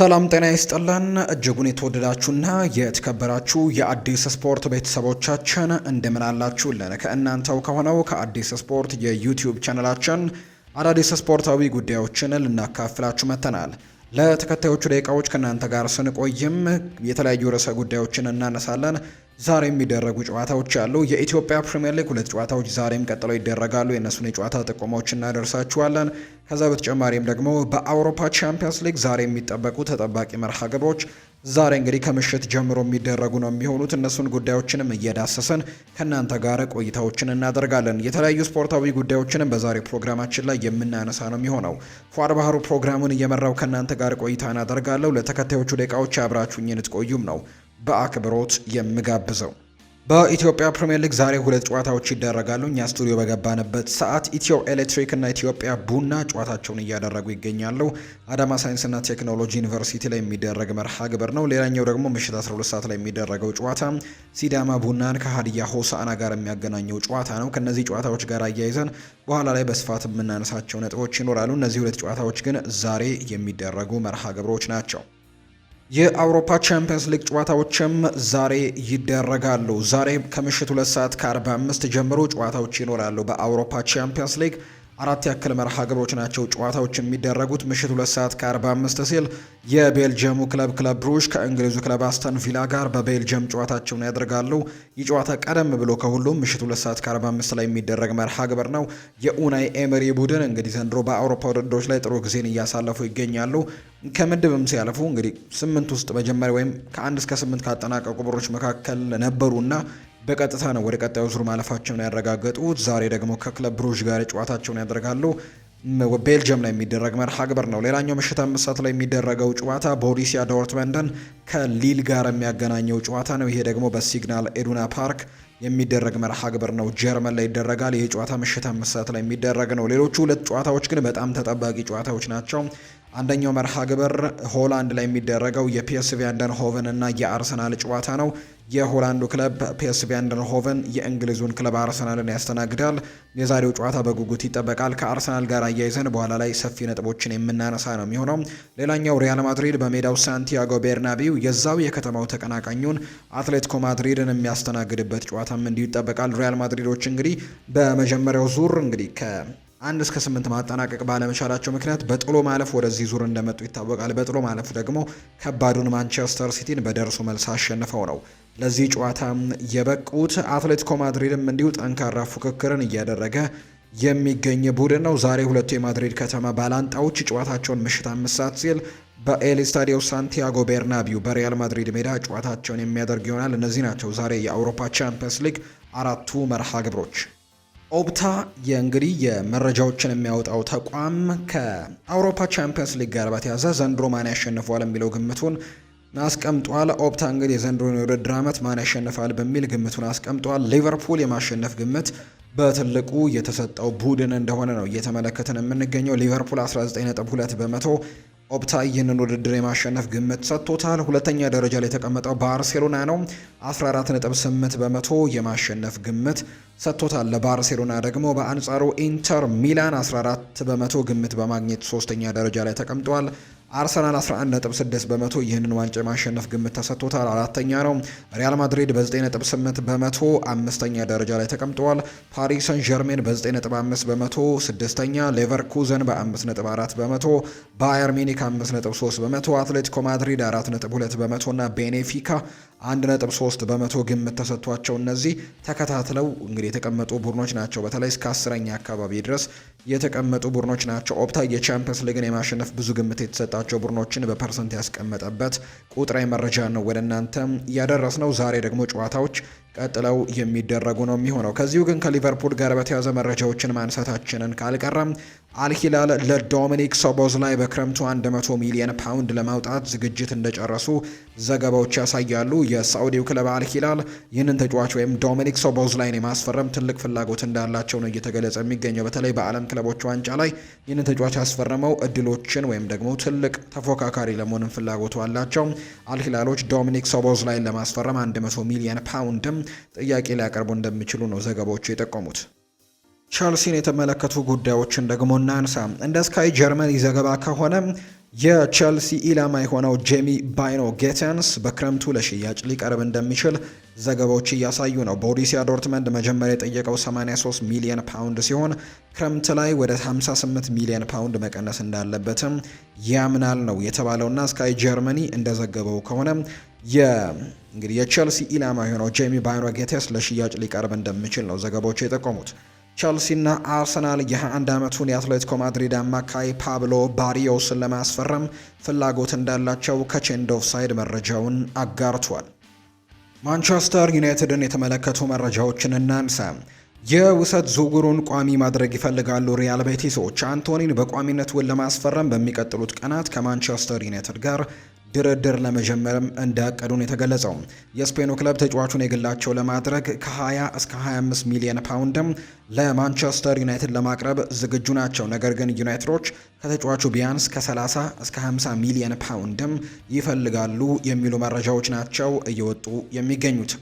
ሰላም ጤና ይስጥልን እጅጉን የተወደዳችሁና የተከበራችሁ የአዲስ ስፖርት ቤተሰቦቻችን እንደምን አላችሁልን? ከእናንተው ከሆነው ከአዲስ ስፖርት የዩቲዩብ ቻነላችን አዳዲስ ስፖርታዊ ጉዳዮችን ልናካፍላችሁ መጥተናል። ለተከታዮቹ ደቂቃዎች ከእናንተ ጋር ስንቆይም የተለያዩ ርዕሰ ጉዳዮችን እናነሳለን። ዛሬ የሚደረጉ ጨዋታዎች አሉ። የኢትዮጵያ ፕሪምየር ሊግ ሁለት ጨዋታዎች ዛሬም ቀጥለው ይደረጋሉ። የእነሱን የጨዋታ ጥቆማዎች እናደርሳችኋለን። ከዛ በተጨማሪም ደግሞ በአውሮፓ ቻምፒየንስ ሊግ ዛሬ የሚጠበቁ ተጠባቂ መርሃ ግብሮች ዛሬ እንግዲህ ከምሽት ጀምሮ የሚደረጉ ነው የሚሆኑት። እነሱን ጉዳዮችንም እየዳሰሰን ከእናንተ ጋር ቆይታዎችን እናደርጋለን። የተለያዩ ስፖርታዊ ጉዳዮችንም በዛሬ ፕሮግራማችን ላይ የምናነሳ ነው የሚሆነው። ፏር ባህሩ ፕሮግራሙን እየመራው ከእናንተ ጋር ቆይታ እናደርጋለሁ። ለተከታዮቹ ደቂቃዎች አብራችሁኝ ትቆዩም ነው በአክብሮት የምጋብዘው። በኢትዮጵያ ፕሪምየር ሊግ ዛሬ ሁለት ጨዋታዎች ይደረጋሉ። እኛ ስቱዲዮ በገባንበት ሰዓት ኢትዮ ኤሌክትሪክ እና ኢትዮጵያ ቡና ጨዋታቸውን እያደረጉ ይገኛሉ። አዳማ ሳይንስና ቴክኖሎጂ ዩኒቨርሲቲ ላይ የሚደረግ መርሃ ግብር ነው። ሌላኛው ደግሞ ምሽት 12 ሰዓት ላይ የሚደረገው ጨዋታ ሲዳማ ቡናን ከሀዲያ ሆሳና ጋር የሚያገናኘው ጨዋታ ነው። ከእነዚህ ጨዋታዎች ጋር አያይዘን በኋላ ላይ በስፋት የምናነሳቸው ነጥቦች ይኖራሉ። እነዚህ ሁለት ጨዋታዎች ግን ዛሬ የሚደረጉ መርሃ ግብሮች ናቸው። የአውሮፓ ቻምፒየንስ ሊግ ጨዋታዎችም ዛሬ ይደረጋሉ። ዛሬ ከምሽት ሁለት ሰዓት ከ45 ጀምሮ ጨዋታዎች ይኖራሉ በአውሮፓ ቻምፒየንስ ሊግ አራት ያክል መርሃ ግብሮች ናቸው ጨዋታዎች የሚደረጉት። ምሽት ሁለት ሰዓት ከ45 ሲል የቤልጅየሙ ክለብ ክለብ ብሩሽ ከእንግሊዙ ክለብ አስተን ቪላ ጋር በቤልጅየም ጨዋታቸውን ያደርጋሉ። ይህ ጨዋታ ቀደም ብሎ ከሁሉም ምሽት ሁለት ሰዓት ከ45 ላይ የሚደረግ መርሃ ግብር ነው። የኡናይ ኤመሪ ቡድን እንግዲህ ዘንድሮ በአውሮፓ ውድድሮች ላይ ጥሩ ጊዜን እያሳለፉ ይገኛሉ። ከምድብም ሲያልፉ እንግዲህ ስምንት ውስጥ መጀመሪያ ወይም ከአንድ እስከ ስምንት ካጠናቀቁ ብሮች መካከል ነበሩና በቀጥታ ነው ወደ ቀጣዩ ዙር ማለፋቸውን ያረጋገጡት። ዛሬ ደግሞ ከክለብ ብሩዥ ጋር ጨዋታቸውን ያደርጋሉ። ቤልጅየም ላይ የሚደረግ መርሃ ግብር ነው። ሌላኛው ምሽት አምስት ሰዓት ላይ የሚደረገው ጨዋታ ቦሩሲያ ዶርትመንደን ከሊል ጋር የሚያገናኘው ጨዋታ ነው። ይሄ ደግሞ በሲግናል ኤዱና ፓርክ የሚደረግ መርሃ ግብር ነው። ጀርመን ላይ ይደረጋል። ይህ ጨዋታ ምሽት አምስት ሰዓት ላይ የሚደረግ ነው። ሌሎቹ ሁለት ጨዋታዎች ግን በጣም ተጠባቂ ጨዋታዎች ናቸው። አንደኛው መርሃ ግብር ሆላንድ ላይ የሚደረገው የፒኤስቪ አንደንሆቨን እና የአርሰናል ጨዋታ ነው። የሆላንዱ ክለብ ፒኤስቪ አንደንሆቨን የእንግሊዙን ክለብ አርሰናልን ያስተናግዳል። የዛሬው ጨዋታ በጉጉት ይጠበቃል። ከአርሰናል ጋር አያይዘን በኋላ ላይ ሰፊ ነጥቦችን የምናነሳ ነው የሚሆነው። ሌላኛው ሪያል ማድሪድ በሜዳው ሳንቲያጎ ቤርናቢው የዛው የከተማው ተቀናቃኙን አትሌቲኮ ማድሪድን የሚያስተናግድበት ጨዋታም እንዲሁ ይጠበቃል። ሪያል ማድሪዶች እንግዲህ በመጀመሪያው ዙር እንግዲህ ከ አንድ እስከ ስምንት ማጠናቀቅ ባለመቻላቸው ምክንያት በጥሎ ማለፍ ወደዚህ ዙር እንደመጡ ይታወቃል። በጥሎ ማለፍ ደግሞ ከባዱን ማንቸስተር ሲቲን በደርሶ መልስ አሸንፈው ነው ለዚህ ጨዋታ የበቁት። አትሌቲኮ ማድሪድም እንዲሁ ጠንካራ ፉክክርን እያደረገ የሚገኝ ቡድን ነው። ዛሬ ሁለቱ የማድሪድ ከተማ ባላንጣዎች ጨዋታቸውን ምሽት አምስት ሰዓት ሲል በኤል ስታዲዮ ሳንቲያጎ ቤርናቢው በሪያል ማድሪድ ሜዳ ጨዋታቸውን የሚያደርግ ይሆናል። እነዚህ ናቸው ዛሬ የአውሮፓ ቻምፒየንስ ሊግ አራቱ መርሃ ግብሮች። ኦፕታ የእንግዲህ የመረጃዎችን የሚያወጣው ተቋም ከአውሮፓ ቻምፒየንስ ሊግ ጋር በተያዘ ዘንድሮ ማን ያሸንፈዋል የሚለው ግምቱን አስቀምጧል። ኦፕታ እንግዲህ የዘንድሮን የውድድር ዓመት ማን ያሸንፋል በሚል ግምቱን አስቀምጧል። ሊቨርፑል የማሸነፍ ግምት በትልቁ የተሰጠው ቡድን እንደሆነ ነው እየተመለከትን የምንገኘው። ሊቨርፑል 19.2 በመቶ ኦፕታ ይህንን ውድድር የማሸነፍ ግምት ሰጥቶታል። ሁለተኛ ደረጃ ላይ የተቀመጠው ባርሴሎና ነው። 14.8 በመቶ የማሸነፍ ግምት ሰጥቶታል። ለባርሴሎና ደግሞ በአንጻሩ ኢንተር ሚላን 14 በመቶ ግምት በማግኘት ሶስተኛ ደረጃ ላይ ተቀምጧል። አርሰናል 11ነጥ 6 በመቶ ይህንን ዋንጫ የማሸነፍ ግምት ተሰጥቶታል። አራተኛ ነው። ሪያል ማድሪድ በ9.8 በመቶ አምስተኛ ደረጃ ላይ ተቀምጠዋል። ፓሪስ ሰን ጀርሜን በ9.5 በመቶ ስድስተኛ፣ ሌቨርኩዘን በ5.4 በመቶ፣ ባየር ሚኒክ 5.3 በመቶ፣ አትሌቲኮ ማድሪድ 4.2 በመቶ እና ቤኔፊካ አንድ ነጥብ ሶስት በመቶ ግምት ተሰጥቷቸው እነዚህ ተከታትለው እንግዲህ የተቀመጡ ቡድኖች ናቸው። በተለይ እስከ አስረኛ አካባቢ ድረስ የተቀመጡ ቡድኖች ናቸው። ኦፕታ የቻምፒየንስ ሊግን የማሸነፍ ብዙ ግምት የተሰጣቸው ቡድኖችን በፐርሰንት ያስቀመጠበት ቁጥራዊ መረጃ ነው ወደ እናንተ ያደረስ ነው። ዛሬ ደግሞ ጨዋታዎች ቀጥለው የሚደረጉ ነው የሚሆነው። ከዚሁ ግን ከሊቨርፑል ጋር በተያዘ መረጃዎችን ማንሳታችንን ካልቀረም አልሂላል ለዶሚኒክ ሶቦዝ ላይ በክረምቱ 100 ሚሊዮን ፓውንድ ለማውጣት ዝግጅት እንደጨረሱ ዘገባዎች ያሳያሉ። የሳዑዲው ክለብ አልሂላል ይህንን ተጫዋች ወይም ዶሚኒክ ሶቦዝ የማስፈረም ትልቅ ፍላጎት እንዳላቸው ነው እየተገለጸ የሚገኘው። በተለይ በዓለም ክለቦች ዋንጫ ላይ ይህንን ተጫዋች ያስፈረመው እድሎችን ወይም ደግሞ ትልቅ ተፎካካሪ ለመሆንም ፍላጎቱ አላቸው። አልሂላሎች ዶሚኒክ ሶቦዝ ላይን ለማስፈረም 100 ሚሊዮን ፓውንድም ጥያቄ ሊያቀርቡ እንደሚችሉ ነው ዘገባዎቹ የጠቆሙት። ቸልሲን የተመለከቱ ጉዳዮችን ደግሞ እናንሳ። እንደ ስካይ ጀርመኒ ዘገባ ከሆነ የቸልሲ ኢላማ የሆነው ጄሚ ባይኖ ጌተንስ በክረምቱ ለሽያጭ ሊቀርብ እንደሚችል ዘገባዎች እያሳዩ ነው። ቦሩሲያ ዶርትመንድ መጀመሪያ የጠየቀው 83 ሚሊዮን ፓውንድ ሲሆን ክረምት ላይ ወደ 58 ሚሊዮን ፓውንድ መቀነስ እንዳለበትም ያምናል ነው የተባለውና ስካይ ጀርመኒ እንደዘገበው ከሆነ እንግዲህ የቼልሲ ኢላማ የሆነው ጄሚ ባይሮ ጌቴስ ለሽያጭ ሊቀርብ እንደሚችል ነው ዘገባዎቹ የጠቆሙት። ቼልሲና አርሰናል የ21 ዓመቱን የአትሌቲኮ ማድሪድ አማካይ ፓብሎ ባሪዮስን ለማስፈረም ፍላጎት እንዳላቸው ከቼንድ ኦፍ ሳይድ መረጃውን አጋርቷል። ማንቸስተር ዩናይትድን የተመለከቱ መረጃዎችን እናንሳ። የውሰት ዝውውሩን ቋሚ ማድረግ ይፈልጋሉ ሪያል ቤቲሶች አንቶኒን በቋሚነት ውን ለማስፈረም በሚቀጥሉት ቀናት ከማንቸስተር ዩናይትድ ጋር ድርድር ለመጀመርም እንዳቀዱን የተገለጸው የስፔኑ ክለብ ተጫዋቹን የግላቸው ለማድረግ ከ20 እስከ 25 ሚሊዮን ፓውንድም ለማንቸስተር ዩናይትድ ለማቅረብ ዝግጁ ናቸው። ነገር ግን ዩናይትዶች ከተጫዋቹ ቢያንስ ከ30 እስከ 50 ሚሊዮን ፓውንድም ይፈልጋሉ የሚሉ መረጃዎች ናቸው እየወጡ የሚገኙት።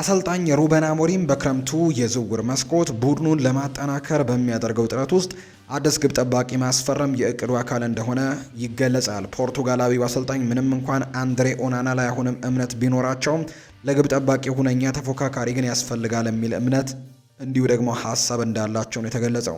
አሰልጣኝ ሩበን አሞሪም በክረምቱ የዝውውር መስኮት ቡድኑን ለማጠናከር በሚያደርገው ጥረት ውስጥ አዲስ ግብ ጠባቂ ማስፈረም የእቅዱ አካል እንደሆነ ይገለጻል። ፖርቱጋላዊው አሰልጣኝ ምንም እንኳን አንድሬ ኦናና ላይ አሁንም እምነት ቢኖራቸውም ለግብ ጠባቂ ሁነኛ ተፎካካሪ ግን ያስፈልጋል የሚል እምነት እንዲሁ ደግሞ ሀሳብ እንዳላቸው ነው የተገለጸው።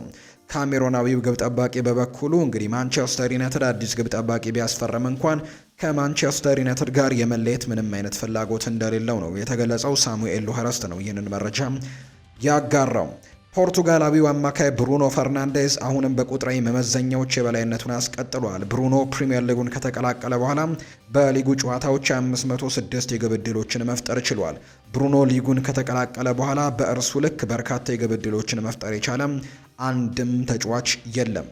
ካሜሮናዊው ግብ ጠባቂ በበኩሉ እንግዲህ ማንቸስተር ዩናይትድ አዲስ ግብ ጠባቂ ቢያስፈርም እንኳን ከማንቸስተር ዩናይትድ ጋር የመለየት ምንም አይነት ፍላጎት እንደሌለው ነው የተገለጸው። ሳሙኤል ሉሀረስት ነው ይህንን መረጃ ያጋራው። ፖርቱጋላዊው አማካይ ብሩኖ ፈርናንዴዝ አሁንም በቁጥራዊ መመዘኛዎች የበላይነቱን አስቀጥሏል። ብሩኖ ፕሪምየር ሊጉን ከተቀላቀለ በኋላ በሊጉ ጨዋታዎች 506 የግብ ዕድሎችን መፍጠር ችሏል። ብሩኖ ሊጉን ከተቀላቀለ በኋላ በእርሱ ልክ በርካታ የግብ ዕድሎችን መፍጠር የቻለ አንድም ተጫዋች የለም።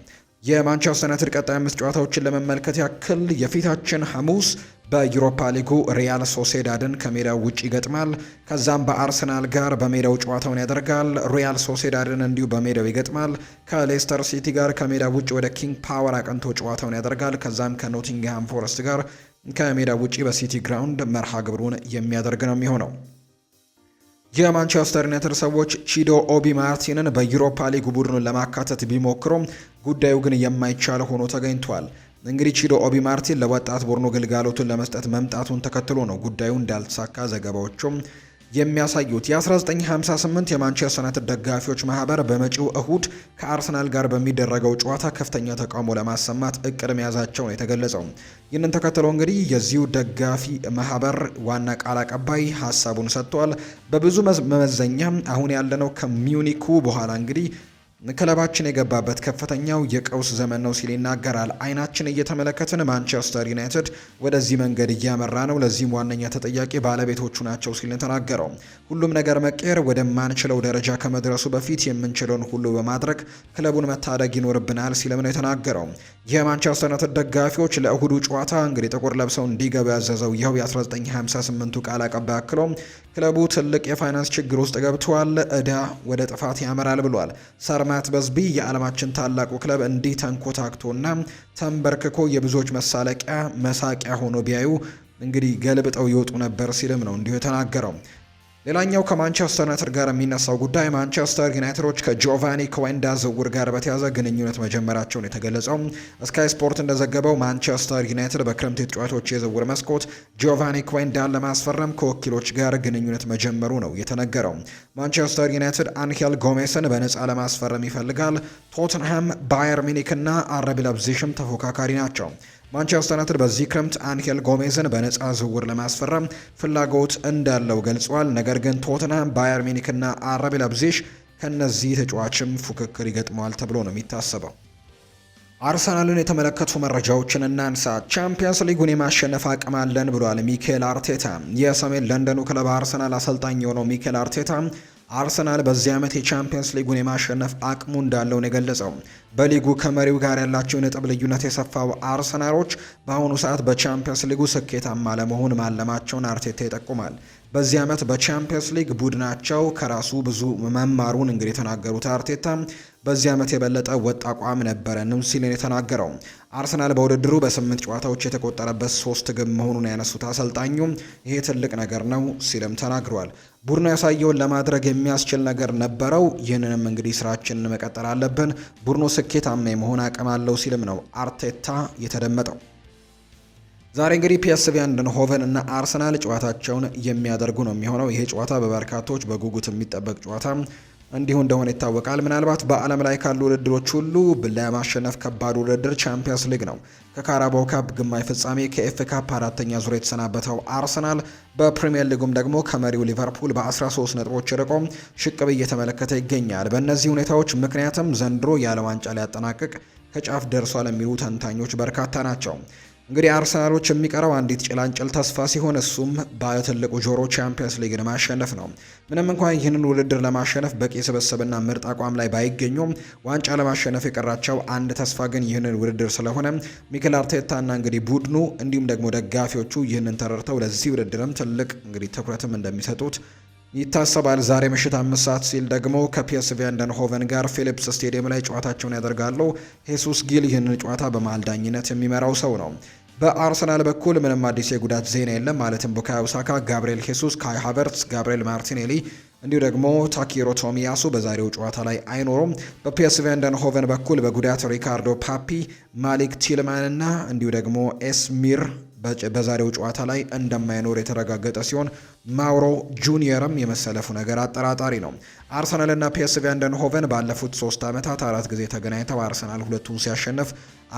የማንቸስተር ዩናይትድ ቀጣይ አምስት ጨዋታዎችን ለመመልከት ያክል የፊታችን ሐሙስ በዩሮፓ ሊጉ ሪያል ሶሴዳድን ከሜዳው ውጭ ይገጥማል። ከዛም በአርሰናል ጋር በሜዳው ጨዋታውን ያደርጋል። ሪያል ሶሴዳድን እንዲሁ በሜዳው ይገጥማል። ከሌስተር ሲቲ ጋር ከሜዳው ውጭ ወደ ኪንግ ፓወር አቅንቶ ጨዋታውን ያደርጋል። ከዛም ከኖቲንግሃም ፎረስት ጋር ከሜዳው ውጭ በሲቲ ግራውንድ መርሃ ግብሩን የሚያደርግ ነው የሚሆነው። የማንቸስተር ዩናይትድ ሰዎች ቺዶ ኦቢ ማርቲንን በዩሮፓ ሊግ ቡድኑን ለማካተት ቢሞክሩም ጉዳዩ ግን የማይቻል ሆኖ ተገኝቷል። እንግዲህ ቺዶ ኦቢ ማርቲን ለወጣት ቡድኑ ግልጋሎቱን ለመስጠት መምጣቱን ተከትሎ ነው ጉዳዩ እንዳልተሳካ ዘገባዎቹም የሚያሳዩት የ1958 የማንቸስተር ዩናይትድ ደጋፊዎች ማህበር በመጪው እሁድ ከአርሰናል ጋር በሚደረገው ጨዋታ ከፍተኛ ተቃውሞ ለማሰማት እቅድ መያዛቸው ነው የተገለጸው። ይህንን ተከትሎ እንግዲህ የዚሁ ደጋፊ ማህበር ዋና ቃል አቀባይ ሀሳቡን ሰጥቷል። በብዙ መመዘኛ አሁን ያለነው ከሚውኒኩ በኋላ እንግዲህ ክለባችን የገባበት ከፍተኛው የቀውስ ዘመን ነው ሲል ይናገራል። አይናችን እየተመለከትን ማንቸስተር ዩናይትድ ወደዚህ መንገድ እያመራ ነው፣ ለዚህም ዋነኛ ተጠያቂ ባለቤቶቹ ናቸው ሲል ተናገረው። ሁሉም ነገር መቀየር ወደማንችለው ደረጃ ከመድረሱ በፊት የምንችለውን ሁሉ በማድረግ ክለቡን መታደግ ይኖርብናል ሲልም ነው የተናገረው። የማንቸስተር ዩናይትድ ደጋፊዎች ለእሁዱ ጨዋታ እንግዲህ ጥቁር ለብሰው እንዲገቡ ያዘዘው ይኸው የ1958ቱ ቃል አቀባይ አክሎ ክለቡ ትልቅ የፋይናንስ ችግር ውስጥ ገብተዋል፣ እዳ ወደ ጥፋት ያመራል ብሏል። ማት በዝቢ የዓለማችን ታላቁ ክለብ እንዲህ ተንኮታክቶና ተንበርክኮ የብዙዎች መሳለቂያ መሳቂያ ሆኖ ቢያዩ እንግዲህ ገልብጠው ይወጡ ነበር ሲልም ነው እንዲሁ የተናገረው። ሌላኛው ከማንቸስተር ዩናይትድ ጋር የሚነሳው ጉዳይ ማንቸስተር ዩናይትዶች ከጂኦቫኒ ኮዌንዳ ዝውውር ጋር በተያዘ ግንኙነት መጀመራቸውን የተገለጸው ስካይ ስፖርት እንደዘገበው ማንቸስተር ዩናይትድ በክረምት የተጫዋቾች የዝውውር መስኮት ጆቫኒ ኮዌንዳን ለማስፈረም ከወኪሎች ጋር ግንኙነት መጀመሩ ነው የተነገረው። ማንቸስተር ዩናይትድ አንሄል ጎሜስን በነፃ ለማስፈረም ይፈልጋል። ቶትንሃም፣ ባየር ሚኒክ እና አረቢ ለብዚሽም ተፎካካሪ ናቸው። ማንቸስተር ዩናይትድ በዚህ ክረምት አንሄል ጎሜዝን በነፃ ዝውውር ለማስፈረም ፍላጎት እንዳለው ገልጿል። ነገር ግን ቶትንሃም፣ ባየር ሚኒክና አረቢ ለብዜሽ ከነዚህ ተጫዋችም ፉክክር ይገጥመዋል ተብሎ ነው የሚታሰበው። አርሰናልን የተመለከቱ መረጃዎችን እናንሳ። ቻምፒየንስ ሊጉን የማሸነፍ አቅም አለን ብሏል ሚኬል አርቴታ። የሰሜን ለንደኑ ክለብ አርሰናል አሰልጣኝ የሆነው ሚኬል አርቴታ አርሰናል በዚህ ዓመት የቻምፒየንስ ሊጉን የማሸነፍ አቅሙ እንዳለው ነው የገለጸው። በሊጉ ከመሪው ጋር ያላቸው ነጥብ ልዩነት የሰፋው አርሰናሎች በአሁኑ ሰዓት በቻምፒየንስ ሊጉ ስኬታማ ለመሆን ማለማቸውን አርቴታ ይጠቁማል። በዚህ ዓመት በቻምፒየንስ ሊግ ቡድናቸው ከራሱ ብዙ መማሩን እንግዲህ የተናገሩት አርቴታ በዚህ ዓመት የበለጠ ወጥ አቋም ነበረንም ሲልን የተናገረው አርሰናል በውድድሩ በስምንት ጨዋታዎች የተቆጠረበት ሶስት ግብ መሆኑን ያነሱት አሰልጣኙ ይሄ ትልቅ ነገር ነው ሲልም ተናግሯል። ቡድኑ ያሳየውን ለማድረግ የሚያስችል ነገር ነበረው። ይህንንም እንግዲህ ስራችንን መቀጠል አለብን። ቡድኑ ስኬታማ የመሆን አቅም አለው ሲልም ነው አርቴታ የተደመጠው። ዛሬ እንግዲህ ፒኤስቪ ሆቨን እና አርሰናል ጨዋታቸውን የሚያደርጉ ነው የሚሆነው። ይሄ ጨዋታ በበርካቶች በጉጉት የሚጠበቅ ጨዋታ እንዲሁ እንደሆነ ይታወቃል። ምናልባት በዓለም ላይ ካሉ ውድድሮች ሁሉ ለማሸነፍ ከባድ ውድድር ቻምፒየንስ ሊግ ነው። ከካራባው ካፕ ግማሽ ፍጻሜ፣ ከኤፍ ካፕ አራተኛ ዙር የተሰናበተው አርሰናል በፕሪምየር ሊጉም ደግሞ ከመሪው ሊቨርፑል በ13 ነጥቦች ርቆ ሽቅብ እየተመለከተ ይገኛል። በእነዚህ ሁኔታዎች ምክንያትም ዘንድሮ ያለ ዋንጫ ሊያጠናቅቅ ከጫፍ ደርሷል የሚሉ ተንታኞች በርካታ ናቸው። እንግዲህ አርሰናሎች የሚቀረው አንዲት ጭላንጭል ተስፋ ሲሆን እሱም ባለትልቁ ጆሮ ቻምፒየንስ ሊግን ማሸነፍ ነው። ምንም እንኳን ይህንን ውድድር ለማሸነፍ በቂ ስብስብና ምርጥ አቋም ላይ ባይገኙም ዋንጫ ለማሸነፍ የቀራቸው አንድ ተስፋ ግን ይህንን ውድድር ስለሆነ ሚኬል አርቴታና እንግዲህ ቡድኑ እንዲሁም ደግሞ ደጋፊዎቹ ይህንን ተረድተው ለዚህ ውድድርም ትልቅ እንግዲህ ትኩረትም እንደሚሰጡት ይታሰባል። ዛሬ ምሽት አምስት ሰዓት ሲል ደግሞ ከፒኤስቪ አይንድሆቨን ጋር ፊሊፕስ ስቴዲየም ላይ ጨዋታቸውን ያደርጋሉ። ሄሱስ ጊል ይህንን ጨዋታ በማልዳኝነት ዳኝነት የሚመራው ሰው ነው። በአርሰናል በኩል ምንም አዲስ የጉዳት ዜና የለም። ማለትም ቡካዮ ሳካ፣ ጋብርኤል ሄሱስ፣ ካይ ሃቨርትስ፣ ጋብርኤል ማርቲኔሊ እንዲሁ ደግሞ ታኪሮ ቶሚያሱ በዛሬው ጨዋታ ላይ አይኖሩም። በፒኤስቪ አይንድሆቨን በኩል በጉዳት ሪካርዶ ፓፒ፣ ማሊክ ቲልማን እና እንዲሁ ደግሞ ኤስሚር በዛሬው ጨዋታ ላይ እንደማይኖር የተረጋገጠ ሲሆን ማውሮ ጁኒየርም የመሰለፉ ነገር አጠራጣሪ ነው። አርሰናልና ፒኤስቪ አንደንሆቨን ባለፉት ሶስት ዓመታት አራት ጊዜ ተገናኝተው አርሰናል ሁለቱን ሲያሸንፍ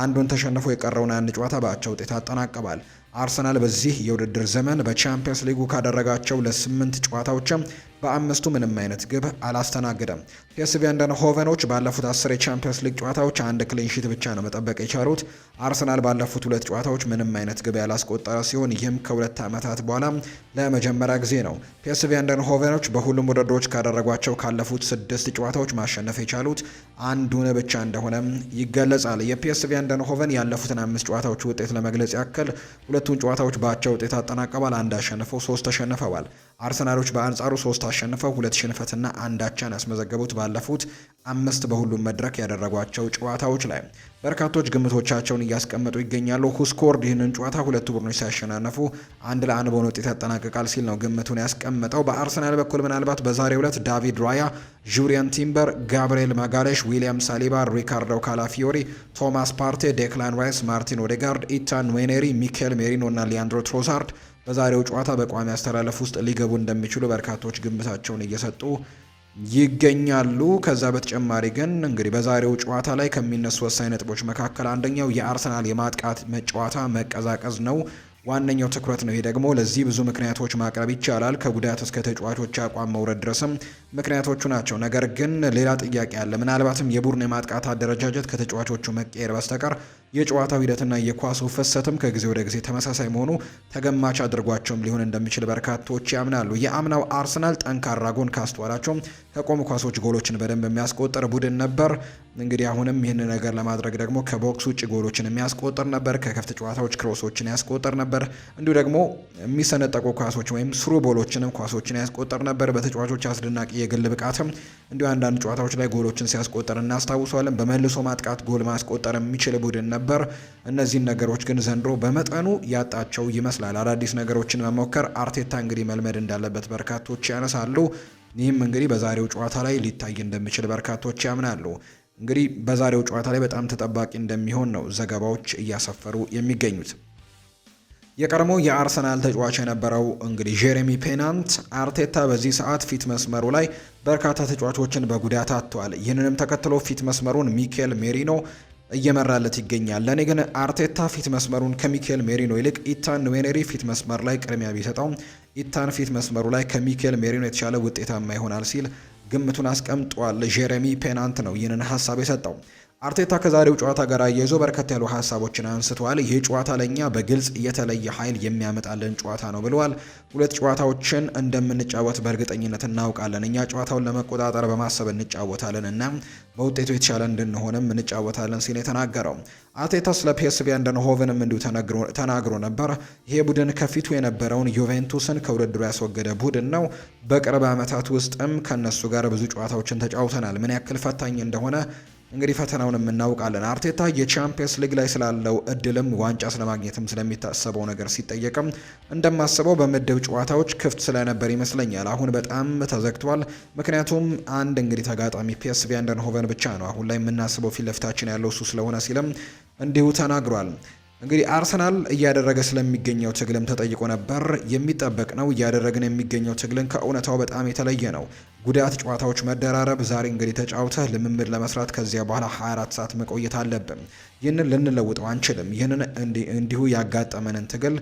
አንዱን ተሸንፎ የቀረውን አንድ ጨዋታ በአቻ ውጤት አጠናቀባል። አርሰናል በዚህ የውድድር ዘመን በቻምፒየንስ ሊጉ ካደረጋቸው ለስምንት ጨዋታዎችም በአምስቱ ምንም አይነት ግብ አላስተናገደም። ፒኤስቪ ሆቨኖች ባለፉት አስር የቻምፒየንስ ሊግ ጨዋታዎች አንድ ክሊንሺት ብቻ ነው መጠበቅ የቻሉት። አርሰናል ባለፉት ሁለት ጨዋታዎች ምንም አይነት ግብ ያላስቆጠረ ሲሆን ይህም ከሁለት ዓመታት በኋላ ለመጀመሪያ ጊዜ ነው። ፒኤስቪ ሆቨኖች በሁሉም ውድድሮች ካደረጓቸው ካለፉት ስድስት ጨዋታዎች ማሸነፍ የቻሉት አንዱን ብቻ እንደሆነ ይገለጻል። የፒኤስቪ ሆቨን ያለፉትን አምስት ጨዋታዎች ውጤት ለመግለጽ ያክል ሁለቱን ጨዋታዎች በአቻ ውጤት አጠናቀዋል። አንድ አሸንፈው ሶስት ተሸንፈዋል። አርሰናሎች በአንጻሩ ሶስት አሸንፈው ሁለት ሽንፈትና አንድ አቻን ያስመዘገቡት ባለፉት አምስት በሁሉም መድረክ ያደረጓቸው ጨዋታዎች ላይ በርካቶች ግምቶቻቸውን እያስቀመጡ ይገኛሉ። ሁስኮርድ ይህንን ጨዋታ ሁለቱ ቡድኖች ሲያሸናነፉ አንድ ለአንድ በሆነ ውጤት ያጠናቅቃል ሲል ነው ግምቱን ያስቀመጠው። በአርሰናል በኩል ምናልባት በዛሬው ዕለት ዳቪድ ራያ፣ ዡሪያን ቲምበር፣ ጋብርኤል ማጋሌሽ፣ ዊሊያም ሳሊባ፣ ሪካርዶ ካላፊዮሪ፣ ቶማስ ፓርቴ፣ ዴክላን ራይስ፣ ማርቲን ኦዴጋርድ፣ ኢታን ዌኔሪ፣ ሚካኤል ሜሪኖ እና ሊያንድሮ ትሮሳርድ በዛሬው ጨዋታ በቋሚ አስተላለፍ ውስጥ ሊገቡ እንደሚችሉ በርካቶች ግምታቸውን እየሰጡ ይገኛሉ። ከዛ በተጨማሪ ግን እንግዲህ በዛሬው ጨዋታ ላይ ከሚነሱ ወሳኝ ነጥቦች መካከል አንደኛው የአርሰናል የማጥቃት ጨዋታ መቀዛቀዝ ነው። ዋነኛው ትኩረት ነው። ይህ ደግሞ ለዚህ ብዙ ምክንያቶች ማቅረብ ይቻላል። ከጉዳት እስከ ተጫዋቾች አቋም መውረድ ድረስም ምክንያቶቹ ናቸው። ነገር ግን ሌላ ጥያቄ አለ። ምናልባትም የቡድን የማጥቃት አደረጃጀት ከተጫዋቾቹ መቀየር በስተቀር የጨዋታው ሂደትና የኳሱ ፍሰትም ከጊዜ ወደ ጊዜ ተመሳሳይ መሆኑ ተገማች አድርጓቸውም ሊሆን እንደሚችል በርካቶች ያምናሉ። የአምናው አርሰናል ጠንካራ ጎን ካስተዋላቸው ከቆሙ ኳሶች ጎሎችን በደንብ የሚያስቆጥር ቡድን ነበር። እንግዲህ አሁንም ይህን ነገር ለማድረግ ደግሞ ከቦክስ ውጭ ጎሎችን የሚያስቆጥር ነበር። ከክፍት ጨዋታዎች ክሮሶችን ያስቆጥር ነበር። እንዲሁ ደግሞ የሚሰነጠቁ ኳሶች ወይም ስሩ ቦሎችንም ኳሶችን ያስቆጥር ነበር። በተጫዋቾች አስደናቂ የግል ብቃትም እንዲሁ አንዳንድ ጨዋታዎች ላይ ጎሎችን ሲያስቆጥር እናስታውሷለን። በመልሶ ማጥቃት ጎል ማስቆጠር የሚችል ቡድን ነበር። ነበር። እነዚህን ነገሮች ግን ዘንድሮ በመጠኑ ያጣቸው ይመስላል። አዳዲስ ነገሮችን መሞከር አርቴታ እንግዲህ መልመድ እንዳለበት በርካቶች ያነሳሉ። ይህም እንግዲህ በዛሬው ጨዋታ ላይ ሊታይ እንደሚችል በርካቶች ያምናሉ። እንግዲህ በዛሬው ጨዋታ ላይ በጣም ተጠባቂ እንደሚሆን ነው ዘገባዎች እያሰፈሩ የሚገኙት። የቀድሞ የአርሰናል ተጫዋች የነበረው እንግዲህ ጄሬሚ ፔናንት አርቴታ በዚህ ሰዓት ፊት መስመሩ ላይ በርካታ ተጫዋቾችን በጉዳት አጥቷል። ይህንንም ተከትሎ ፊት መስመሩን ሚኬል ሜሪኖ እየመራለት ይገኛል። ለእኔ ግን አርቴታ ፊት መስመሩን ከሚካኤል ሜሪኖ ይልቅ ኢታን ዌኔሪ ፊት መስመር ላይ ቅድሚያ ቢሰጠው ኢታን ፊት መስመሩ ላይ ከሚካኤል ሜሪኖ የተሻለ ውጤታማ ይሆናል ሲል ግምቱን አስቀምጧል። ጄሬሚ ፔናንት ነው ይህንን ሀሳብ የሰጠው። አርቴታ ከዛሬው ጨዋታ ጋር አያይዞ በርከት ያሉ ሀሳቦችን አንስተዋል። ይህ ጨዋታ ለእኛ በግልጽ የተለየ ኃይል የሚያመጣልን ጨዋታ ነው ብለዋል። ሁለት ጨዋታዎችን እንደምንጫወት በእርግጠኝነት እናውቃለን። እኛ ጨዋታውን ለመቆጣጠር በማሰብ እንጫወታለን እና በውጤቱ የተሻለ እንድንሆንም እንጫወታለን ሲል የተናገረው አርቴታ ስለ ፒኤስቪ አይንድሆቨንም እንዲሁ ተናግሮ ነበር። ይሄ ቡድን ከፊቱ የነበረውን ዩቬንቱስን ከውድድሩ ያስወገደ ቡድን ነው። በቅርብ ዓመታት ውስጥም ከነሱ ጋር ብዙ ጨዋታዎችን ተጫውተናል። ምን ያክል ፈታኝ እንደሆነ እንግዲህ ፈተናውን እናውቃለን። አርቴታ የቻምፒየንስ ሊግ ላይ ስላለው እድልም ዋንጫ ስለማግኘትም ስለሚታሰበው ነገር ሲጠየቅም እንደማስበው በምድብ ጨዋታዎች ክፍት ስለነበር ይመስለኛል። አሁን በጣም ተዘግቷል። ምክንያቱም አንድ እንግዲህ ተጋጣሚ ፒኤስቪ አይንድሆቨን ብቻ ነው አሁን ላይ የምናስበው ፊት ለፊታችን ያለው እሱ ስለሆነ ሲልም እንዲሁ ተናግሯል። እንግዲህ አርሰናል እያደረገ ስለሚገኘው ትግልም ተጠይቆ ነበር። የሚጠበቅ ነው። እያደረግን የሚገኘው ትግልን ከእውነታው በጣም የተለየ ነው። ጉዳት፣ ጨዋታዎች መደራረብ። ዛሬ እንግዲህ ተጫውተህ ልምምድ ለመስራት ከዚያ በኋላ 24 ሰዓት መቆየት አለብን። ይህንን ልንለውጠው አንችልም። ይህንን እንዲሁ ያጋጠመንን ትግል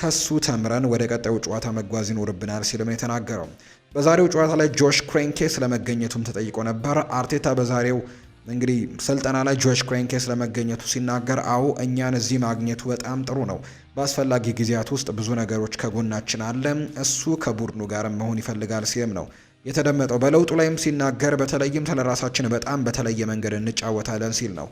ከሱ ተምረን ወደ ቀጣዩ ጨዋታ መጓዝ ይኖርብናል ሲልም የተናገረው በዛሬው ጨዋታ ላይ ጆሽ ክሬንኬ ስለመገኘቱም ተጠይቆ ነበር። አርቴታ በዛሬው እንግዲህ ስልጠና ላይ ጆሽ ክሬንኬ ስለመገኘቱ ሲናገር አዎ እኛን እዚህ ማግኘቱ በጣም ጥሩ ነው። በአስፈላጊ ጊዜያት ውስጥ ብዙ ነገሮች ከጎናችን አለ። እሱ ከቡድኑ ጋር መሆን ይፈልጋል ሲልም ነው የተደመጠው። በለውጡ ላይም ሲናገር በተለይም ስለራሳችን በጣም በተለየ መንገድ እንጫወታለን ሲል ነው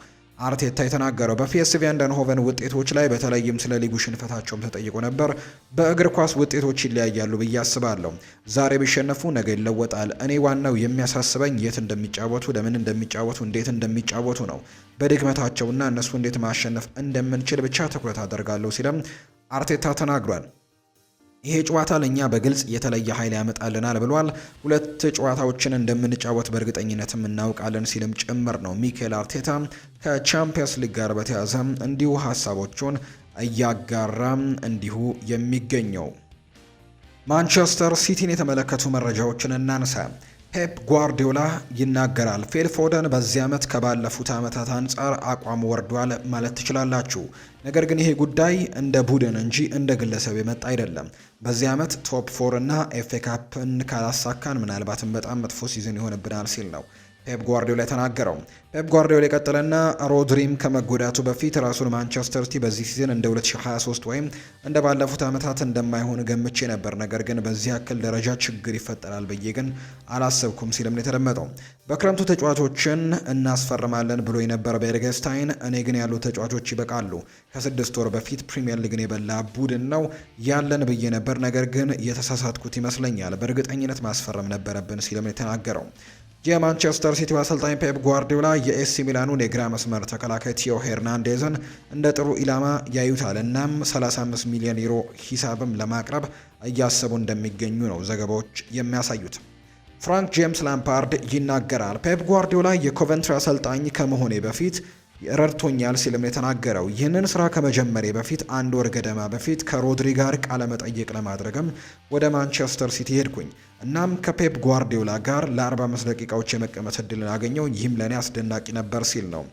አርቴታ የተናገረው በፒኤስቪ አይንድሆቨን ውጤቶች ላይ በተለይም ስለ ሊጉ ሽንፈታቸውም ተጠይቆ ነበር። በእግር ኳስ ውጤቶች ይለያያሉ ብዬ አስባለሁ። ዛሬ ቢሸነፉ ነገ ይለወጣል። እኔ ዋናው የሚያሳስበኝ የት እንደሚጫወቱ፣ ለምን እንደሚጫወቱ፣ እንዴት እንደሚጫወቱ ነው። በድክመታቸውና እነሱ እንዴት ማሸነፍ እንደምንችል ብቻ ትኩረት አደርጋለሁ ሲለም አርቴታ ተናግሯል። ይሄ ጨዋታ ለእኛ በግልጽ የተለየ ኃይል ያመጣልናል ብሏል። ሁለት ጨዋታዎችን እንደምንጫወት በእርግጠኝነትም እናውቃለን ሲልም ጭምር ነው ሚኬል አርቴታ ከቻምፒየንስ ሊግ ጋር በተያያዘ እንዲሁ ሀሳቦቹን እያጋራም እንዲሁ የሚገኘው። ማንቸስተር ሲቲን የተመለከቱ መረጃዎችን እናንሳ። ፔፕ ጓርዲዮላ ይናገራል። ፊል ፎደን በዚህ ዓመት ከባለፉት ዓመታት አንጻር አቋም ወርዷል ማለት ትችላላችሁ። ነገር ግን ይሄ ጉዳይ እንደ ቡድን እንጂ እንደ ግለሰብ የመጣ አይደለም። በዚህ ዓመት ቶፕ ፎር እና ኤፍ ካፕን ካላሳካን ምናልባትም በጣም መጥፎ ሲዝን ይሆንብናል ሲል ነው ፔፕ ጓርዲዮላ የተናገረው። ፔፕ ጓርዲዮላ የቀጠለና ሮድሪም ከመጎዳቱ በፊት ራሱን ማንቸስተር ሲቲ በዚህ ሲዝን እንደ 2023 ወይም እንደ ባለፉት ዓመታት እንደማይሆን ገምቼ ነበር፣ ነገር ግን በዚህ ያክል ደረጃ ችግር ይፈጠራል ብዬ ግን አላሰብኩም ሲልም ነው የተደመጠው። በክረምቱ ተጫዋቾችን እናስፈርማለን ብሎ የነበረ በኤርገስታይን እኔ ግን ያሉ ተጫዋቾች ይበቃሉ። ከስድስት ወር በፊት ፕሪምየር ሊግን የበላ ቡድን ነው ያለን ብዬ ነበር፣ ነገር ግን የተሳሳትኩት ይመስለኛል። በእርግጠኝነት ማስፈረም ነበረብን ሲልም ነው የተናገረው። የማንቸስተር ሲቲ አሰልጣኝ ፔፕ ጓርዲዮላ የኤሲ ሚላኑን የግራ መስመር ተከላካይ ቲዮ ሄርናንዴዝን እንደ ጥሩ ኢላማ ያዩታል። እናም 35 ሚሊዮን ዩሮ ሂሳብም ለማቅረብ እያሰቡ እንደሚገኙ ነው ዘገባዎች የሚያሳዩት። ፍራንክ ጄምስ ላምፓርድ ይናገራል። ፔፕ ጓርዲዮላ የኮቨንትሪ አሰልጣኝ ከመሆኔ በፊት ረድቶኛል ሲልም የተናገረው ይህንን ስራ ከመጀመሬ በፊት አንድ ወር ገደማ በፊት ከሮድሪ ጋር ቃለ መጠይቅ ለማድረግም ወደ ማንቸስተር ሲቲ ሄድኩኝ። እናም ከፔፕ ጓርዲዮላ ጋር ለ45 ደቂቃዎች የመቀመጥ እድልን አገኘው። ይህም ለእኔ አስደናቂ ነበር ሲል ነው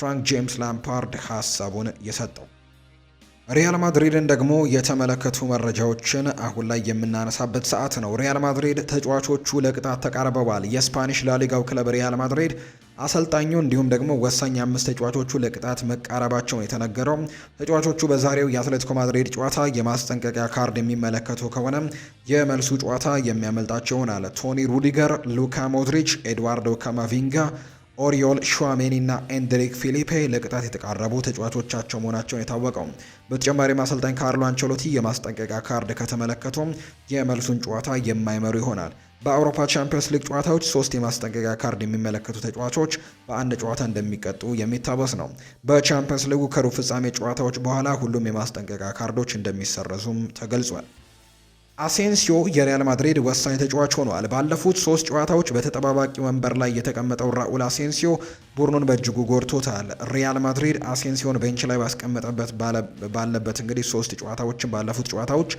ፍራንክ ጄምስ ላምፓርድ ሀሳቡን የሰጠው። ሪያል ማድሪድን ደግሞ የተመለከቱ መረጃዎችን አሁን ላይ የምናነሳበት ሰዓት ነው። ሪያል ማድሪድ ተጫዋቾቹ ለቅጣት ተቃርበዋል። የስፓኒሽ ላሊጋው ክለብ ሪያል ማድሪድ አሰልጣኙ እንዲሁም ደግሞ ወሳኝ አምስት ተጫዋቾቹ ለቅጣት መቃረባቸውን የተነገረው ተጫዋቾቹ በዛሬው የአትሌቲኮ ማድሪድ ጨዋታ የማስጠንቀቂያ ካርድ የሚመለከቱ ከሆነ የመልሱ ጨዋታ የሚያመልጣቸውን አለ ቶኒ ሩዲገር፣ ሉካ ሞድሪች፣ ኤድዋርዶ ካማቪንጋ ኦሪዮል ሹዋሜኒ እና ኤንድሪክ ፊሊፔ ለቅጣት የተቃረቡ ተጫዋቾቻቸው መሆናቸውን የታወቀው። በተጨማሪም አሰልጣኝ ካርሎ አንቸሎቲ የማስጠንቀቂያ ካርድ ከተመለከቱም የመልሱን ጨዋታ የማይመሩ ይሆናል። በአውሮፓ ቻምፒየንስ ሊግ ጨዋታዎች ሶስት የማስጠንቀቂያ ካርድ የሚመለከቱ ተጫዋቾች በአንድ ጨዋታ እንደሚቀጡ የሚታወስ ነው። በቻምፒየንስ ሊጉ ከሩብ ፍጻሜ ጨዋታዎች በኋላ ሁሉም የማስጠንቀቂያ ካርዶች እንደሚሰረዙም ተገልጿል። አሴንሲዮ የሪያል ማድሪድ ወሳኝ ተጫዋች ሆኗል። ባለፉት ሶስት ጨዋታዎች በተጠባባቂ ወንበር ላይ የተቀመጠው ራኡል አሴንሲዮ ቡድኑን በእጅጉ ጎድቶታል። ሪያል ማድሪድ አሴንሲዮን ቤንች ላይ ባስቀመጠበት ባለበት እንግዲህ ሶስት ጨዋታዎችን ባለፉት ጨዋታዎች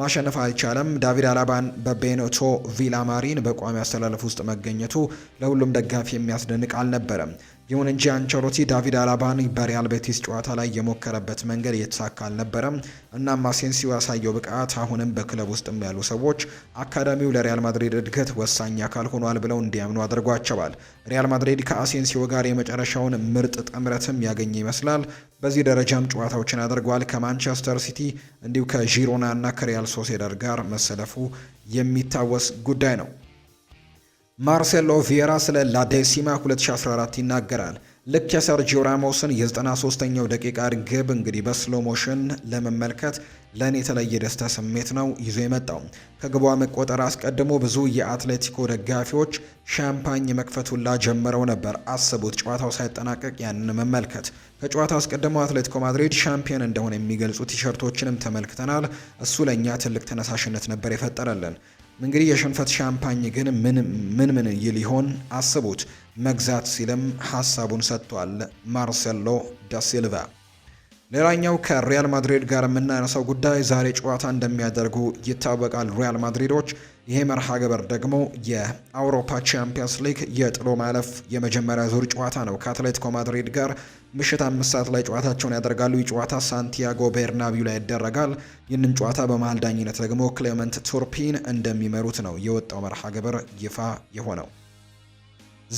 ማሸነፍ አልቻለም። ዳቪድ አላባን በቤኖቶ ቪላማሪን በቋሚ አስተላለፍ ውስጥ መገኘቱ ለሁሉም ደጋፊ የሚያስደንቅ አልነበረም። ይሁን እንጂ አንቸሎቲ ዳቪድ አላባን በሪያል ቤቲስ ጨዋታ ላይ የሞከረበት መንገድ እየተሳካ አልነበረም። እናም አሴንሲዮ ያሳየው ብቃት አሁንም በክለብ ውስጥም ያሉ ሰዎች አካዳሚው ለሪያል ማድሪድ እድገት ወሳኝ አካል ሆኗል ብለው እንዲያምኑ አድርጓቸዋል። ሪያል ማድሪድ ከአሴንሲዮ ጋር የመጨረሻውን ምርጥ ጥምረትም ያገኘ ይመስላል። በዚህ ደረጃም ጨዋታዎችን አድርጓል። ከማንቸስተር ሲቲ እንዲሁ ከዢሮና እና ከሪያል ሶሴዳድ ጋር መሰለፉ የሚታወስ ጉዳይ ነው። ማርሴሎ ቪየራ ስለ ላዴሲማ 2014 ይናገራል። ልክ የሰርጂዮ ራሞስን የ93ኛው ደቂቃ ግብ እንግዲህ በስሎ ሞሽን ለመመልከት ለእኔ የተለየ ደስታ ስሜት ነው ይዞ የመጣው። ከግቧ መቆጠር አስቀድሞ ብዙ የአትሌቲኮ ደጋፊዎች ሻምፓኝ መክፈት ሁላ ጀምረው ነበር። አስቡት፣ ጨዋታው ሳይጠናቀቅ ያንን መመልከት። ከጨዋታው አስቀድሞ አትሌቲኮ ማድሪድ ሻምፒዮን እንደሆነ የሚገልጹ ቲሸርቶችንም ተመልክተናል። እሱ ለእኛ ትልቅ ተነሳሽነት ነበር የፈጠረልን። እንግዲህ የሽንፈት ሻምፓኝ ግን ምን ምን ይል ሊሆን አስቡት መግዛት ሲልም ሀሳቡን ሰጥቷል ማርሴሎ ዳሲልቫ። ሌላኛው ከሪያል ማድሪድ ጋር የምናነሳው ጉዳይ ዛሬ ጨዋታ እንደሚያደርጉ ይታወቃል ሪያል ማድሪዶች። ይሄ መርሃ ግብር ደግሞ የአውሮፓ ቻምፒየንስ ሊግ የጥሎ ማለፍ የመጀመሪያ ዙር ጨዋታ ነው ከአትሌቲኮ ማድሪድ ጋር ምሽት አምስት ሰዓት ላይ ጨዋታቸውን ያደርጋሉ። ይህ ጨዋታ ሳንቲያጎ ቤርናቢው ላይ ይደረጋል። ይህንን ጨዋታ በመሀል ዳኝነት ደግሞ ክሌመንት ቱርፒን እንደሚመሩት ነው የወጣው መርሃ ግብር ይፋ የሆነው።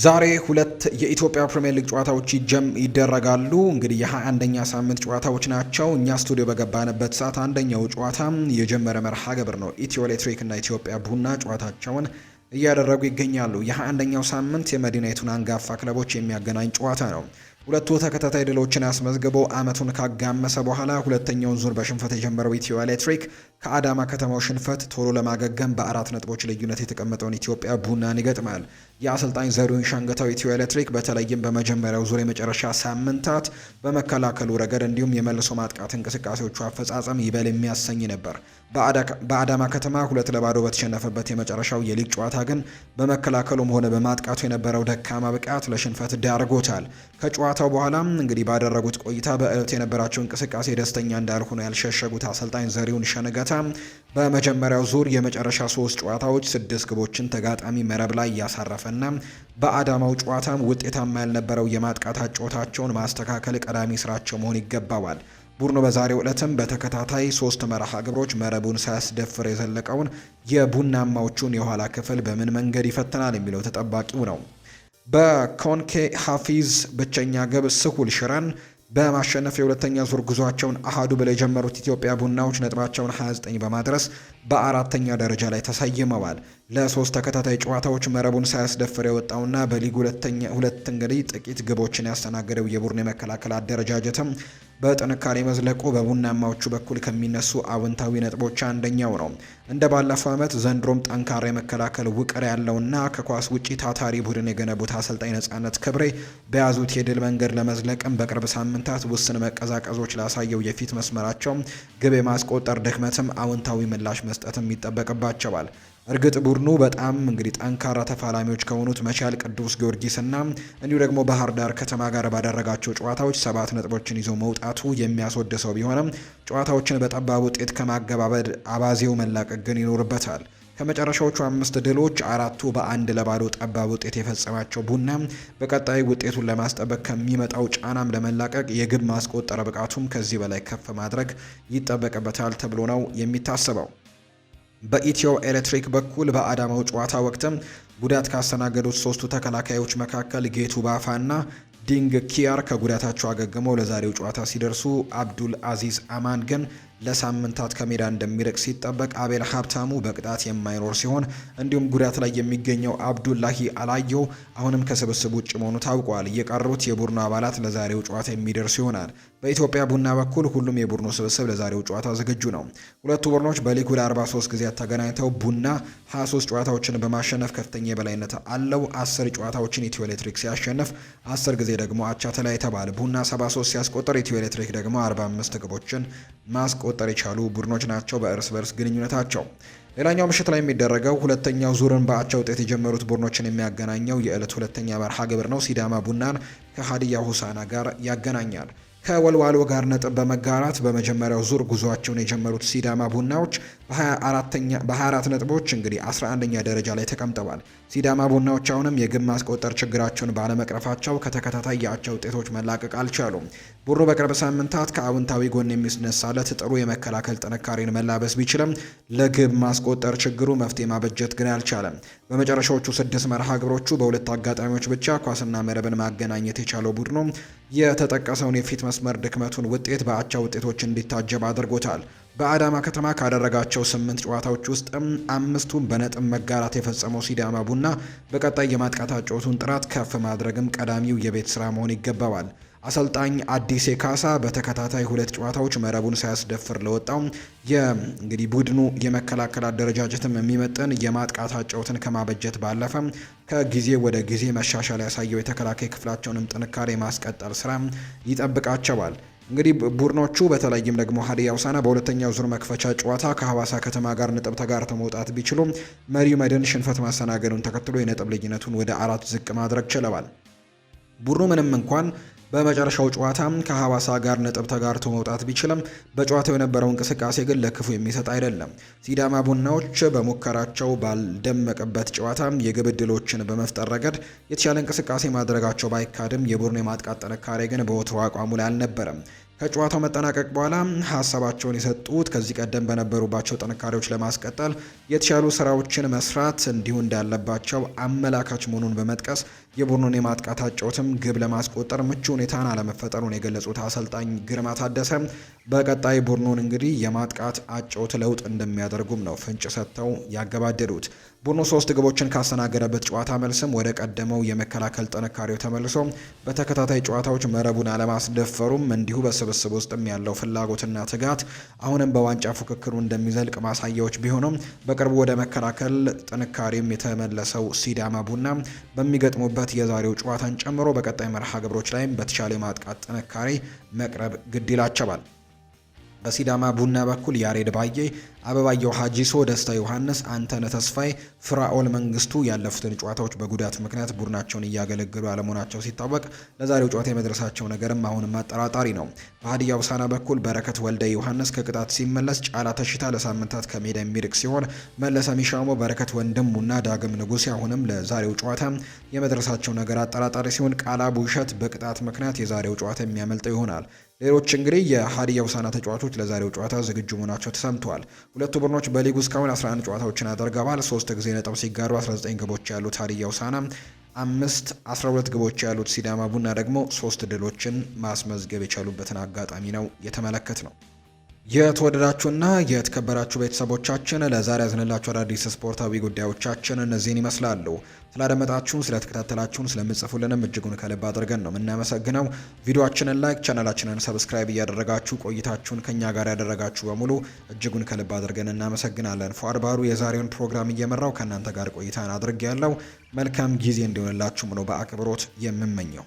ዛሬ ሁለት የኢትዮጵያ ፕሪምየር ሊግ ጨዋታዎች ይጀም ይደረጋሉ። እንግዲህ የሀያ አንደኛ ሳምንት ጨዋታዎች ናቸው። እኛ ስቱዲዮ በገባንበት ሰዓት አንደኛው ጨዋታ የጀመረ መርሃ ግብር ነው። ኢትዮ ኤሌክትሪክ እና ኢትዮጵያ ቡና ጨዋታቸውን እያደረጉ ይገኛሉ። የሀያ አንደኛው ሳምንት የመዲናይቱን አንጋፋ ክለቦች የሚያገናኝ ጨዋታ ነው። ሁለቱ ተከታታይ ድሎችን አስመዝግቦ አመቱን ካጋመሰ በኋላ ሁለተኛውን ዙር በሽንፈት የጀመረው ኢትዮ ኤሌክትሪክ ከአዳማ ከተማው ሽንፈት ቶሎ ለማገገም በአራት ነጥቦች ልዩነት የተቀመጠውን ኢትዮጵያ ቡናን ይገጥማል። የአሰልጣኝ ዘሪሁን ሻንገታው ኢትዮ ኤሌክትሪክ በተለይም በመጀመሪያው ዙር የመጨረሻ ሳምንታት በመከላከሉ ረገድ እንዲሁም የመልሶ ማጥቃት እንቅስቃሴዎቹ አፈጻጸም ይበል የሚያሰኝ ነበር። በአዳማ ከተማ ሁለት ለባዶ በተሸነፈበት የመጨረሻው የሊግ ጨዋታ ግን በመከላከሉም ሆነ በማጥቃቱ የነበረው ደካማ ብቃት ለሽንፈት ዳርጎታል። ከጨዋታው በኋላም እንግዲህ ባደረጉት ቆይታ በእለት የነበራቸው እንቅስቃሴ ደስተኛ እንዳልሆነ ያልሸሸጉት አሰልጣኝ ዘሪሁን ሸነገታ በመጀመሪያው ዙር የመጨረሻ ሶስት ጨዋታዎች ስድስት ግቦችን ተጋጣሚ መረብ ላይ እያሳረፈና በአዳማው ጨዋታም ውጤታማ ያልነበረው የማጥቃት አጨዋወታቸውን ማስተካከል ቀዳሚ ስራቸው መሆን ይገባዋል። ቡድኑ በዛሬው ዕለትም በተከታታይ ሶስት መርሃ ግብሮች መረቡን ሳያስደፍር የዘለቀውን የቡናማዎቹን የኋላ ክፍል በምን መንገድ ይፈትናል የሚለው ተጠባቂው ነው። በኮንኬ ሀፊዝ ብቸኛ ግብ ስሁል ሽረን በማሸነፍ የሁለተኛ ዙር ጉዟቸውን አሃዱ ብለው የጀመሩት ኢትዮጵያ ቡናዎች ነጥባቸውን 29 በማድረስ በአራተኛ ደረጃ ላይ ተሰይመዋል። ለሶስት ተከታታይ ጨዋታዎች መረቡን ሳያስደፍር የወጣውና በሊግ ሁለተኛ ሁለት እንግዲህ ጥቂት ግቦችን ያስተናገደው የቡድን የመከላከል አደረጃጀትም በጥንካሬ መዝለቁ በቡናማዎቹ በኩል ከሚነሱ አዎንታዊ ነጥቦች አንደኛው ነው። እንደ ባለፈው ዓመት ዘንድሮም ጠንካራ የመከላከል ውቅር ያለውና ከኳስ ውጪ ታታሪ ቡድን የገነቡት አሰልጣኝ ነጻነት ክብሬ በያዙት የድል መንገድ ለመዝለቅም በቅርብ ሳምንታት ውስን መቀዛቀዞች ላሳየው የፊት መስመራቸው ግብ የማስቆጠር ድክመትም አዎንታዊ ምላሽ መስጠትም ይጠበቅባቸዋል። እርግጥ ቡድኑ በጣም እንግዲህ ጠንካራ ተፋላሚዎች ከሆኑት መቻል ቅዱስ ጊዮርጊስና እንዲሁ ደግሞ ባህር ዳር ከተማ ጋር ባደረጋቸው ጨዋታዎች ሰባት ነጥቦችን ይዞ መውጣቱ የሚያስወድሰው ቢሆንም ጨዋታዎችን በጠባብ ውጤት ከማገባበድ አባዜው መላቀቅ ግን ይኖርበታል። ከመጨረሻዎቹ አምስት ድሎች አራቱ በአንድ ለባዶ ጠባብ ውጤት የፈጸማቸው ቡና በቀጣይ ውጤቱን ለማስጠበቅ ከሚመጣው ጫናም ለመላቀቅ የግብ ማስቆጠር ብቃቱም ከዚህ በላይ ከፍ ማድረግ ይጠበቅበታል ተብሎ ነው የሚታሰበው። በኢትዮ ኤሌክትሪክ በኩል በአዳማው ጨዋታ ወቅትም ጉዳት ካስተናገዱት ሶስቱ ተከላካዮች መካከል ጌቱ ባፋና ዲንግ ኪያር ከጉዳታቸው አገግመው ለዛሬው ጨዋታ ሲደርሱ አብዱል አዚዝ አማን ግን ለሳምንታት ከሜዳ እንደሚርቅ ሲጠበቅ አቤል ሀብታሙ በቅጣት የማይኖር ሲሆን እንዲሁም ጉዳት ላይ የሚገኘው አብዱላሂ አላየው አሁንም ከስብስብ ውጭ መሆኑ ታውቋል። የቀሩት የቡድኑ አባላት ለዛሬው ጨዋታ የሚደርሱ ይሆናል። በኢትዮጵያ ቡና በኩል ሁሉም የቡድኑ ስብስብ ለዛሬው ጨዋታ ዝግጁ ነው። ሁለቱ ቡድኖች በሊጉ ለ43 ጊዜያት ተገናኝተው ቡና 23 ጨዋታዎችን በማሸነፍ ከፍተኛ የበላይነት አለው። 10 ጨዋታዎችን ኢትዮ ኤሌክትሪክ ሲያሸንፍ፣ 10 ጊዜ ደግሞ አቻ ተለያይተዋል። ቡና 73 ሲያስቆጥር ኢትዮ ኤሌክትሪክ ደግሞ 45 ግቦችን ማስቆ ማስቆጠር የቻሉ ቡድኖች ናቸው በእርስ በርስ ግንኙነታቸው። ሌላኛው ምሽት ላይ የሚደረገው ሁለተኛው ዙርን በአቻ ውጤት የጀመሩት ቡድኖችን የሚያገናኘው የዕለት ሁለተኛ መርሃ ግብር ነው። ሲዳማ ቡናን ከሀዲያ ሆሳና ጋር ያገናኛል። ከወልዋሎ ጋር ነጥብ በመጋራት በመጀመሪያው ዙር ጉዟቸውን የጀመሩት ሲዳማ ቡናዎች በ24 ነጥቦች እንግዲህ 11ኛ ደረጃ ላይ ተቀምጠዋል። ሲዳማ ቡናዎች አሁንም የግብ ማስቆጠር ችግራቸውን ባለመቅረፋቸው ከተከታታይ የአቻ ውጤቶች መላቀቅ አልቻሉም። ቡሩ በቅርብ ሳምንታት ከአውንታዊ ጎን የሚነሳለት ጥሩ የመከላከል ጥንካሬን መላበስ ቢችልም ለግብ ማስቆጠር ችግሩ መፍትሄ ማበጀት ግን አልቻለም። በመጨረሻዎቹ ስድስት መርሃ ግብሮቹ በሁለት አጋጣሚዎች ብቻ ኳስና መረብን ማገናኘት የቻለው ቡድኑ የተጠቀሰውን የፊት መስመር ድክመቱን ውጤት በአቻ ውጤቶች እንዲታጀብ አድርጎታል። በአዳማ ከተማ ካደረጋቸው ስምንት ጨዋታዎች ውስጥም አምስቱን በነጥብ መጋራት የፈጸመው ሲዳማ ቡና በቀጣይ የማጥቃት አጨዋወቱን ጥራት ከፍ ማድረግም ቀዳሚው የቤት ስራ መሆን ይገባዋል። አሰልጣኝ አዲስ ካሳ በተከታታይ ሁለት ጨዋታዎች መረቡን ሳያስደፍር ለወጣው የእንግዲህ ቡድኑ የመከላከል አደረጃጀትም የሚመጥን የማጥቃት አጨዋወትን ከማበጀት ባለፈ ከጊዜ ወደ ጊዜ መሻሻል ያሳየው የተከላካይ ክፍላቸውንም ጥንካሬ ማስቀጠል ስራ ይጠብቃቸዋል። እንግዲህ ቡድኖቹ በተለይም ደግሞ ሀዲያ ሆሳዕና በሁለተኛው ዙር መክፈቻ ጨዋታ ከሀዋሳ ከተማ ጋር ነጥብ ተጋርተው መውጣት ቢችሉም መሪው መድን ሽንፈት ማስተናገዱን ተከትሎ የነጥብ ልዩነቱን ወደ አራት ዝቅ ማድረግ ችለዋል። ቡድኑ ምንም እንኳን በመጨረሻው ጨዋታ ከሐዋሳ ጋር ነጥብ ተጋርቶ መውጣት ቢችልም በጨዋታው የነበረው እንቅስቃሴ ግን ለክፉ የሚሰጥ አይደለም። ሲዳማ ቡናዎች በሙከራቸው ባልደመቀበት ጨዋታ የግብ ዕድሎችን በመፍጠር ረገድ የተሻለ እንቅስቃሴ ማድረጋቸው ባይካድም የቡድኑ የማጥቃት ጥንካሬ ግን በወትሮ አቋሙ ላይ አልነበረም። ከጨዋታው መጠናቀቅ በኋላ ሀሳባቸውን የሰጡት ከዚህ ቀደም በነበሩባቸው ጥንካሬዎች ለማስቀጠል የተሻሉ ስራዎችን መስራት እንዲሁ እንዳለባቸው አመላካች መሆኑን በመጥቀስ የቡድኑን የማጥቃት አጨዋወትም ግብ ለማስቆጠር ምቹ ሁኔታን አለመፈጠሩን የገለጹት አሰልጣኝ ግርማ ታደሰ በቀጣይ ቡድኑን እንግዲህ የማጥቃት አጨዋወት ለውጥ እንደሚያደርጉም ነው ፍንጭ ሰጥተው ያገባደዱት። ቡድኑ ሶስት ግቦችን ካስተናገደበት ጨዋታ መልስም ወደ ቀደመው የመከላከል ጥንካሬው ተመልሶ በተከታታይ ጨዋታዎች መረቡን አለማስደፈሩም እንዲሁ በስብስብ ውስጥም ያለው ፍላጎትና ትጋት አሁንም በዋንጫ ፉክክሩ እንደሚዘልቅ ማሳያዎች ቢሆኑም በቅርቡ ወደ መከላከል ጥንካሬም የተመለሰው ሲዳማ ቡና በሚገጥሙበት የዛሬው ጨዋታን ጨምሮ በቀጣይ መርሃ ግብሮች ላይም በተሻለ ማጥቃት ጥንካሬ መቅረብ ግድ ይላቸዋል። በሲዳማ ቡና በኩል ያሬድ ባዬ፣ አበባየው ሀጂሶ፣ ደስታ ዮሐንስ፣ አንተነ ተስፋይ፣ ፍራኦል መንግስቱ ያለፉትን ጨዋታዎች በጉዳት ምክንያት ቡድናቸውን እያገለገሉ አለመሆናቸው ሲታወቅ ለዛሬው ጨዋታ የመድረሳቸው ነገርም አሁንም አጠራጣሪ ነው። በሀዲያ ውሳና በኩል በረከት ወልደ ዮሐንስ ከቅጣት ሲመለስ፣ ጫላ ተሽታ ለሳምንታት ከሜዳ የሚርቅ ሲሆን መለሰ ሚሻሞ፣ በረከት ወንድሙና ዳግም ንጉሴ አሁንም ለዛሬው ጨዋታ የመድረሳቸው ነገር አጠራጣሪ ሲሆን ቃላ ቡሸት በቅጣት ምክንያት የዛሬው ጨዋታ የሚያመልጠው ይሆናል። ሌሎች እንግዲህ የሀዲያ ውሳና ተጫዋቾች ለዛሬው ጨዋታ ዝግጁ መሆናቸው ተሰምተዋል። ሁለቱ ቡድኖች በሊጉ እስካሁን 11 ጨዋታዎችን አድርገዋል። ሶስት ጊዜ ነጥብ ሲጋሩ 19 ግቦች ያሉት ሀዲያ ውሳና አምስት 12 ግቦች ያሉት ሲዳማ ቡና ደግሞ ሶስት ድሎችን ማስመዝገብ የቻሉበትን አጋጣሚ ነው የተመለከት ነው። የተወደዳችሁና የተከበራችሁ ቤተሰቦቻችን ለዛሬ ያዝንላችሁ አዳዲስ ስፖርታዊ ጉዳዮቻችን እነዚህን ይመስላሉ። ስላደመጣችሁን፣ ስለተከታተላችሁን፣ ስለምጽፉልንም እጅጉን ከልብ አድርገን ነው የምናመሰግነው። ቪዲዮችንን ላይክ፣ ቻናላችንን ሰብስክራይብ እያደረጋችሁ ቆይታችሁን ከእኛ ጋር ያደረጋችሁ በሙሉ እጅጉን ከልብ አድርገን እናመሰግናለን። ፏአድባሩ የዛሬውን ፕሮግራም እየመራው ከእናንተ ጋር ቆይታን አድርግ ያለው መልካም ጊዜ እንዲሆንላችሁም ነው በአክብሮት የምመኘው።